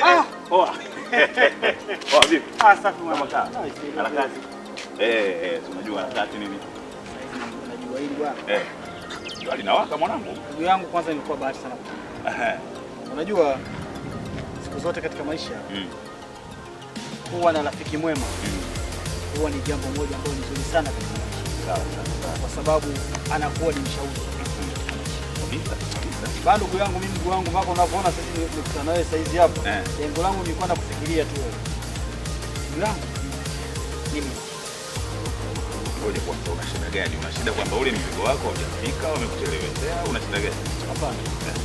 Ah. Ah, eh, eh, unajua harakati eh. linawaka mwanangu. Ndugu yangu, kwanza imekuwa bahati sana. Unajua siku zote katika maisha mm. huwa na rafiki mwema mm. huwa ni jambo moja ambayo ni zuri sana katika maisha, kwa sababu anakuwa ni mshauri bado ndugu yangu mimi, wangu mpaka unapoona sasa nimekutana nawe sasa hizi eh. Lengo langu ni kwenda kufikiria tu wewe. Ndugu mimi kwa sababu una shida gani? Una shida kwamba ule mzigo wako haujafika, wamekuchelewesea, una shida gani? Hapana. Eh.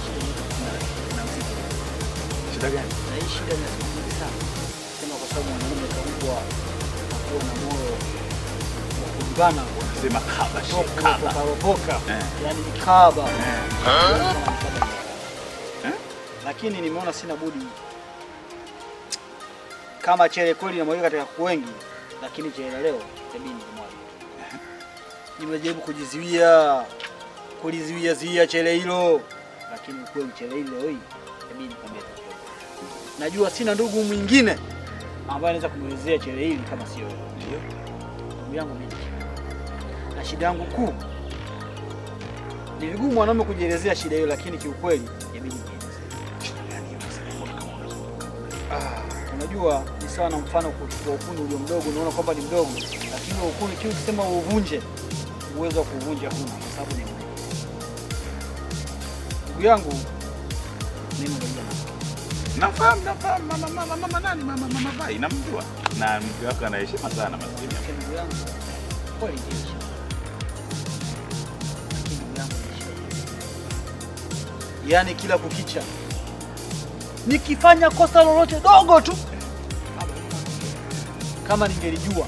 Shida gani? Na hii shida ni kubwa sana. Sema kwa sababu mwanaume kaumbwa kuwa na moyo wa kupigana, wanasema kaba kaba. Kaba. Eh. Yaani kaba lakini nimeona sina budi. Kama chele kweli mwaga katika kuwengi, lakini chele leo tabini kumwaga. Nimejaribu kujizuia kulizuia zuia chele hilo, lakini kweli chele hilo hii tabini kwambia. Najua sina ndugu mwingine ambaye anaweza kumwelezea chele hili kama sio wewe. Ndugu yangu mimi. Na shida yangu kuu ni vigumu mwanaume kujielezea shida hiyo, lakini kiukweli yabidi unajua ni sawa na mfano kwa ukuni ulio mdogo, unaona kwamba ni mdogo, lakini ukuni kiu ukisema uvunje, uwezo wa kuvunja huna, kwa sababu ni mdogo. Ndugu yangu mimi nafahamu, nafahamu mama, mama, mama nani, mama, mama namjua, na mke wako sana maskini. Ndugu yangu yaani kila kukicha nikifanya kosa lolote dogo tu kama ningelijua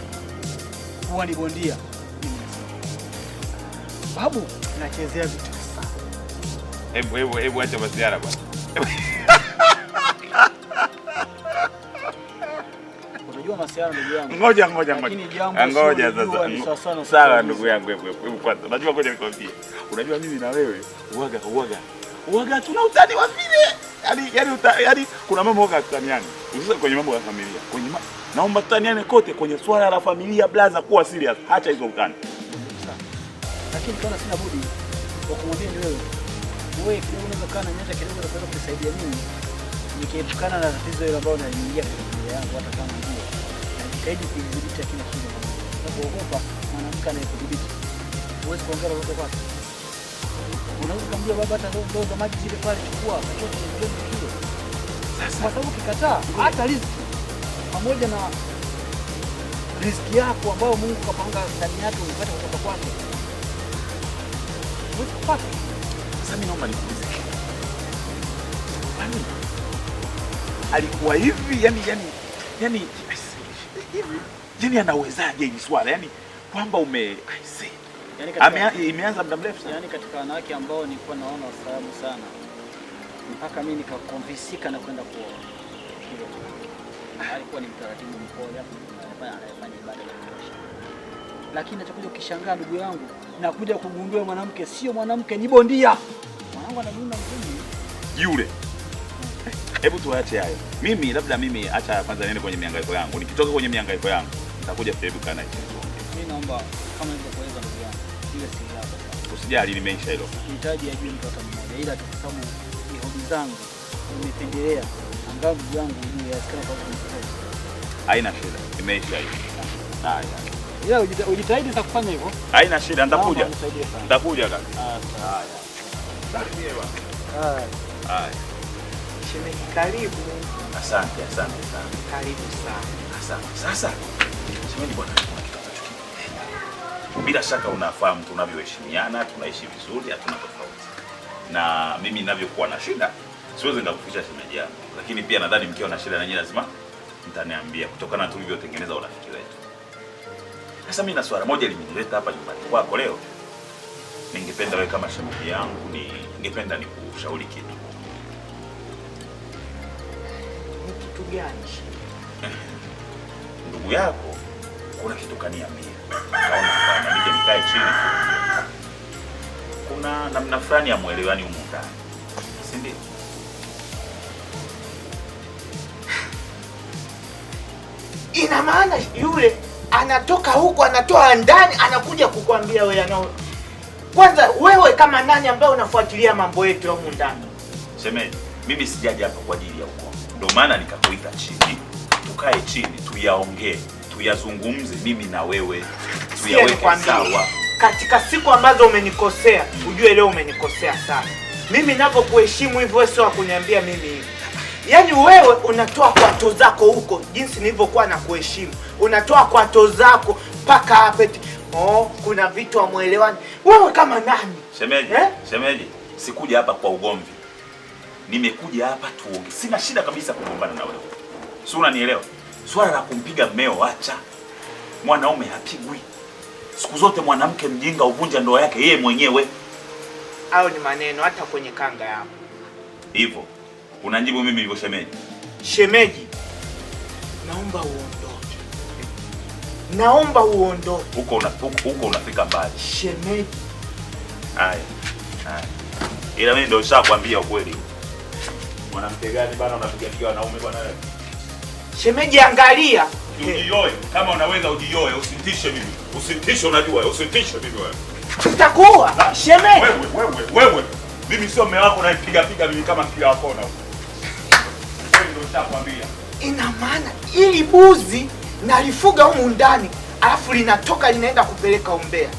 kuwa ni bondia babu, nachezea vitu Hebu hebu hebu, acha basi ara bwana. Ngoja ngoja ngoja, ah, ngoja sasa. Sawa ndugu yangu, hebu hebu kwanza, unajua, ngoja nikwambie, unajua mimi na wewe uwaga uwaga uwaga, tuna utani wa vile, yani yani, yaani, kuna mama uwaga kutaniani hususan kwenye mambo ya familia kwenye ma... naomba tutaniane kote kwenye swala la familia blaza, kuwa serious, hacha hizo utani. Lakini kana sina budi kwa kumwambia ni wewe, wewe unaweza kaa na nyota kidogo na kuweza kunisaidia mimi nikiepukana na tatizo hilo ambalo naliingia kwenye familia yangu, hata kama ndio najitahidi kuidhibiti, lakini shida na mwanamke anayekudhibiti, huwezi kuongea lolote kwake. Unaweza kumwambia baba, hata ndoo za maji zile pale chukua, chochote kwa sababu kikataa hata riziki pamoja na riziki yako ambayo Mungu kapanga ndani yake uipate kutoka kwake huwezi kupata. Sasa mimi naomba nikuulize, kwani alikuwa hivi yani yani yani hivi yani anawezaje hili swala yani kwamba ume imeanza muda mrefu yani katika wanawake ambao nilikuwa naona wastaarabu sana mpaka mimi nikakonvisika na kwenda kuoa. Alikuwa ni mtaratibu mkoja anayefanya ibada ya kutosha, lakini nachokuja ukishangaa, ndugu yangu, nakuja kugundua mwanamke sio mwanamke, ni bondia. Mwanangu anajuna yule. Hebu tuache hayo. Mimi labda mimi acha kwanza niende kwenye miangaiko yangu. Nikitoka kwenye miangaiko yangu, nitakuja sasa hivi kana hicho. Mimi naomba kama ndio nilivyokueleza ndugu yangu, ile si yako. Usijali nimeisha hilo. Nahitaji ajue mtoto mmoja ila kwa sababu nguvu zangu nimependelea angalau mji wangu juu ya askari kwa Haina shida, imeisha hiyo. Haya. Ila ujitahidi za kufanya hivyo. Haina shida, nitakuja. Nitakuja kaka. Haya. Sawa. Haya. Haya. Shemeji karibu. Asante, asante sana. Karibu sana. Asante. Sasa shemeji bwana bila shaka unafahamu tunavyoheshimiana, tunaishi vizuri, hatuna na mimi ninavyokuwa na shida siwezi nikakuficha shemeji yangu, lakini pia nadhani mkiwa na shida nanyi lazima mtaniambia, kutokana na tulivyotengeneza urafiki wetu. Sasa mimi na swala moja limenileta hapa nyumbani kwako leo, ningependa wewe kama shemeji yangu, ningependa nikushauri kitu. Ni kitu gani Ndugu yako kuna kitu kaniambia, nikaona nikae chini namna fulani ya mwelewani humu ndani, si ndio? Ina maana yule anatoka huku anatoa ndani anakuja kukwambia wewe anao. Kwanza wewe kama nani ambaye unafuatilia mambo yetu humu ndani? Semeni, mimi sijaje hapa kwa ajili ya uko. Ndio maana nikakuita chini. Tukae chini tuyaongee, tuyazungumze mimi na wewe. Tuyaweke sawa katika siku ambazo umenikosea, ujue leo umenikosea sana. Mimi navyokuheshimu hivyo, wewe sio kuniambia mimi hivi. Yaani wewe unatoa kwato zako huko, jinsi nilivyokuwa na kuheshimu, unatoa kwato zako mpaka hapa oh, kuna vitu amwelewani Wewe kama nani? Shemeji, eh? Shemeji, sikuja hapa kwa ugomvi, nimekuja hapa tuonge. Sina shida kabisa kugombana na wewe, si unanielewa? Swala la kumpiga mmeo, acha mwanaume hapigwi Siku zote mwanamke mjinga uvunja ndoa yake yeye mwenyewe. Au ni maneno hata kwenye kanga yako hivyo? Unanijibu mimi hivyo, shemeji? Shemeji, naomba uondoke, naomba uondoke huko, una, huko unafika mbali shemeji. Haya, haya, ila mimi ndio nishakwambia ukweli. Mwanamke gani bana unapiga piga wanaume bwana wewe? Shemeji, angalia ujioe kama unaweza, ujioe usitishe mimi, usitishe. Unajua usintishe mimi wewe, tutakuwa sheme wewe, wewe, wewe. Mimi sio mume wako, naipiga piga mimi kama mkia wako, na ndio nishakwambia. Ina maana ili buzi nalifuga humu ndani, alafu linatoka linaenda kupeleka umbea.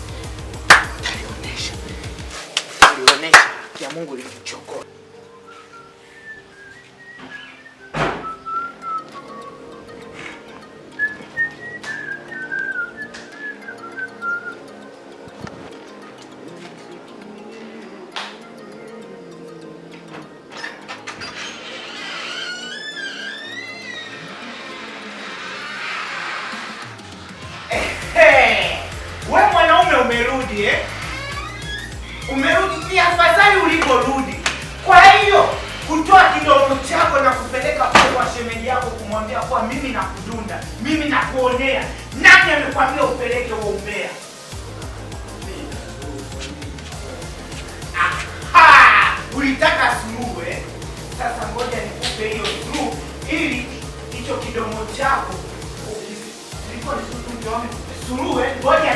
Talionyesha, talionyesha ya Mungu lilichokoa umerudi eh? Umerudi ni afadhali uliporudi. Kwa hiyo kutoa kidogo chako na kupeleka kwa shemeji yako kumwambia kwa mimi nakudunda, mimi nakuonea, nani amekwambia upeleke huo umbea? ulitaka suluhu eh? Sasa ngoja nikupe hiyo suluhu ili hicho kidomo chako suluhu, eh? ngoja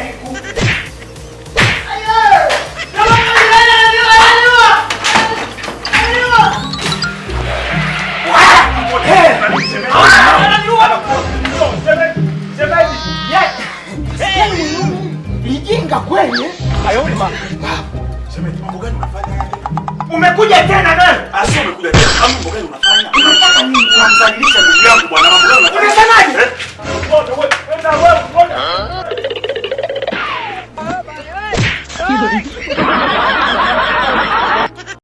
Umekuja tena wewe? Ah, sio umekuja tena. Unataka nini? Unamdhalilisha ndugu yangu bwana. Unasemaje?